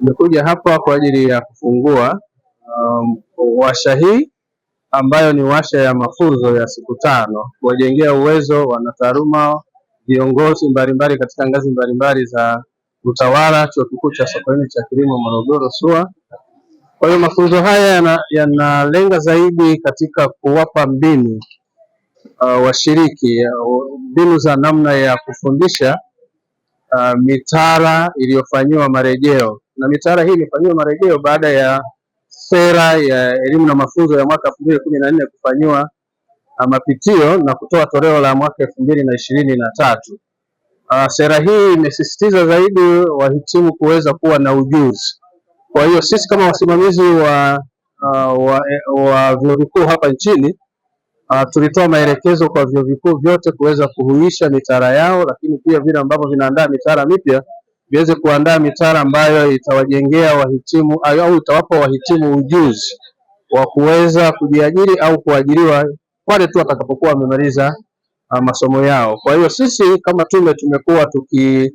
Nimekuja hapa kwa ajili ya kufungua um, washa hii ambayo ni washa ya mafunzo ya siku tano kuwajengea uwezo wanataaluma viongozi mbalimbali katika ngazi mbalimbali za utawala, Chuo Kikuu cha Sokoine cha Kilimo Morogoro SUA. Kwa hiyo mafunzo haya yanalenga yana zaidi katika kuwapa mbinu uh, washiriki uh, mbinu uh, za namna ya kufundisha uh, mitaala iliyofanyiwa marejeo na mitaala hii imefanyiwa marejeo baada ya sera ya elimu na mafunzo ya mwaka elfu mbili kumi na nne kufanyiwa ah, mapitio na kutoa toleo la mwaka elfu mbili na ishirini na tatu. Ah, sera hii imesisitiza zaidi wahitimu kuweza kuwa na ujuzi. Kwa hiyo sisi kama wasimamizi wa, ah, wa, wa vyuo vikuu hapa nchini Uh, tulitoa maelekezo kwa vyuo vikuu vyote kuweza kuhuisha mitaala yao, lakini pia vile ambavyo vinaandaa mitaala mipya viweze kuandaa mitaala ambayo itawajengea wahitimu au itawapa wahitimu ujuzi wa kuweza kujiajiri au kuajiriwa pale tu watakapokuwa wamemaliza ah, masomo yao. Kwa hiyo sisi kama tume tumekuwa tuki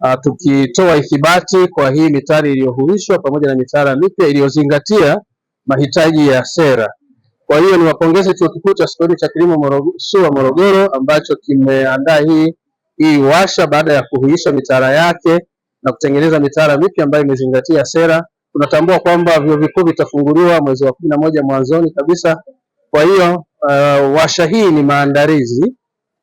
ah, tukitoa ithibati kwa hii mitaala iliyohuishwa pamoja na mitaala mipya iliyozingatia mahitaji ya sera. Kwa hiyo niwapongeze Chuo Kikuu cha Sokoni cha Kilimo Moro, SUA Morogoro ambacho kimeandaa hii hii washa baada ya kuhuisha mitaala yake na kutengeneza mitaala mipya ambayo imezingatia sera. Tunatambua kwamba vyuo vikuu vitafunguliwa mwezi wa kumi na moja mwanzoni kabisa. Kwa hiyo uh, washa hii ni maandalizi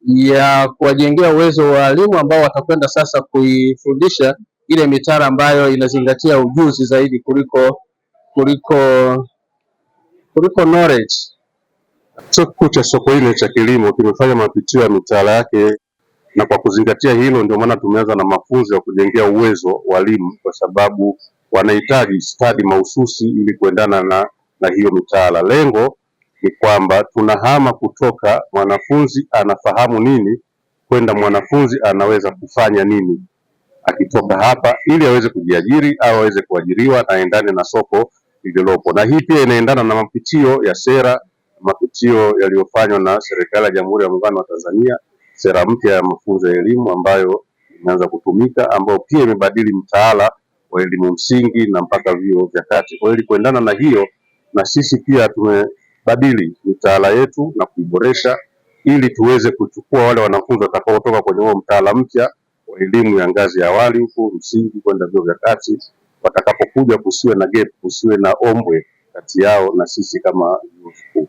ya kuwajengea uwezo wa walimu ambao watakwenda sasa kuifundisha ile mitaala ambayo inazingatia ujuzi zaidi kuliko kuliko kuliko knowledge. Chuo Kikuu cha Sokoine cha Kilimo kimefanya mapitio ya mitaala yake na kwa kuzingatia hilo, ndio maana tumeanza na mafunzo ya kujengea uwezo walimu, kwa sababu wanahitaji stadi mahususi ili kuendana na, na hiyo mitaala. Lengo ni kwamba tunahama kutoka mwanafunzi anafahamu nini kwenda mwanafunzi anaweza kufanya nini akitoka hapa, ili aweze kujiajiri au aweze kuajiriwa na aendane na soko lililopo. Na hii pia inaendana na mapitio ya sera, mapitio yaliyofanywa na serikali ya Jamhuri ya Muungano wa Tanzania sera mpya ya mafunzo ya elimu ambayo imeanza kutumika, ambayo pia imebadili mtaala wa elimu msingi na mpaka vyuo vya kati. Kwa hiyo ili kuendana na hiyo, na sisi pia tumebadili mitaala yetu na kuiboresha ili tuweze kuchukua wale wanafunzi watakaotoka kwenye huo mtaala mpya wa elimu ya ngazi ya awali huko msingi kwenda vyuo vya kati, watakapokuja kusiwe na gap, kusiwe na ombwe kati yao na sisi kama vyuo vikuu.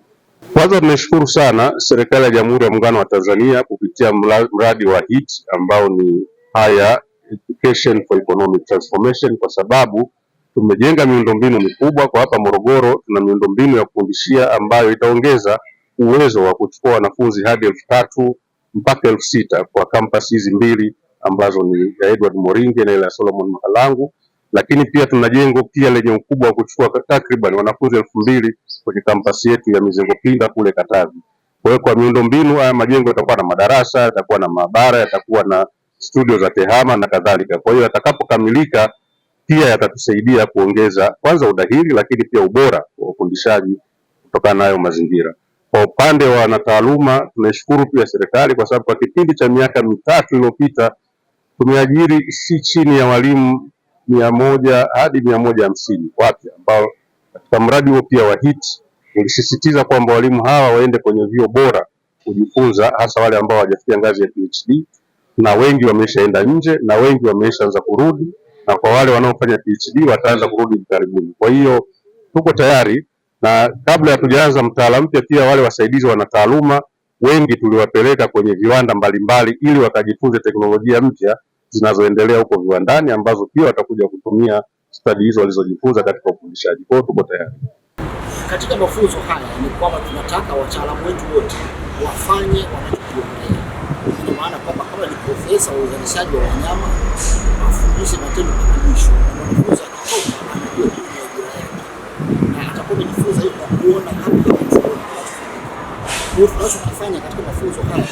Kwanza tunashukuru sana serikali ya Jamhuri ya Muungano wa Tanzania kupitia mradi wa hit ambao ni Higher Education for Economic Transformation, kwa sababu tumejenga miundombinu mikubwa kwa hapa Morogoro. Tuna miundombinu ya kufundishia ambayo itaongeza uwezo wa kuchukua wanafunzi hadi elfu tatu mpaka elfu sita kwa kampasi hizi mbili ambazo ni ya Edward Moringe na ile ya Solomon mahalangu lakini pia tuna jengo pia lenye ukubwa wa kuchukua takriban wanafunzi elfu mbili kwenye kampasi yetu ya Mizengo Pinda kule Katavi. Kwa hiyo kwa miundombinu, haya majengo yatakuwa na madarasa, yatakuwa na maabara, yatakuwa na studio za tehama na kadhalika. Kwa hiyo yatakapokamilika, pia yatatusaidia kuongeza kwanza udahili, lakini pia ubora wa ufundishaji kutokana na hayo mazingira. Kwa upande wa wanataaluma, tunashukuru pia serikali kwa sababu kwa kipindi cha miaka mitatu iliyopita tumeajiri si chini ya walimu mia moja hadi mia moja hamsini wapya ambao katika mradi huo pia wa HIT ulisisitiza kwamba walimu hawa waende kwenye vyuo bora kujifunza, hasa wale ambao hawajafikia ngazi ya PhD, na wengi wameshaenda nje na wengi wameshaanza kurudi, na kwa wale wanaofanya PhD wataanza kurudi karibuni. Kwa hiyo tuko tayari, na kabla hatujaanza mtaala mpya, pia wale wasaidizi wana taaluma wengi tuliwapeleka kwenye viwanda mbalimbali ili wakajifunze teknolojia mpya zinazoendelea huko viwandani ambazo pia watakuja kutumia stadi hizo walizojifunza katika ufundishaji. Kwao tuko tayari katika mafunzo haya, ni kwamba tunataka wataalamu wetu wote wafanye wanachokiongea, kwa maana kwamba kama ni profesa wa uzalishaji wa wanyama afundishe matendo kutumisho mwanafunzi akitoka anajua nini ya ajira yake, na atakomejifunza hivyo kuona kama kwa tunachokifanya katika mafunzo haya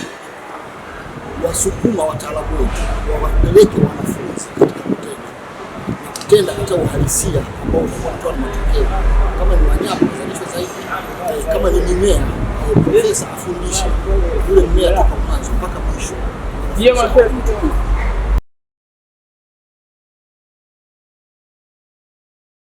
wasukuma wataalamu wetu wawapeleke wanafunzi katika kutenda na kutenda katika uhalisia ambao unatoa matokeo. Kama ni wanyama wazalishwe zaidi, eh, kama ni mimea eh, profesa afundishe yule mmea toka mwanzo mpaka mwisho.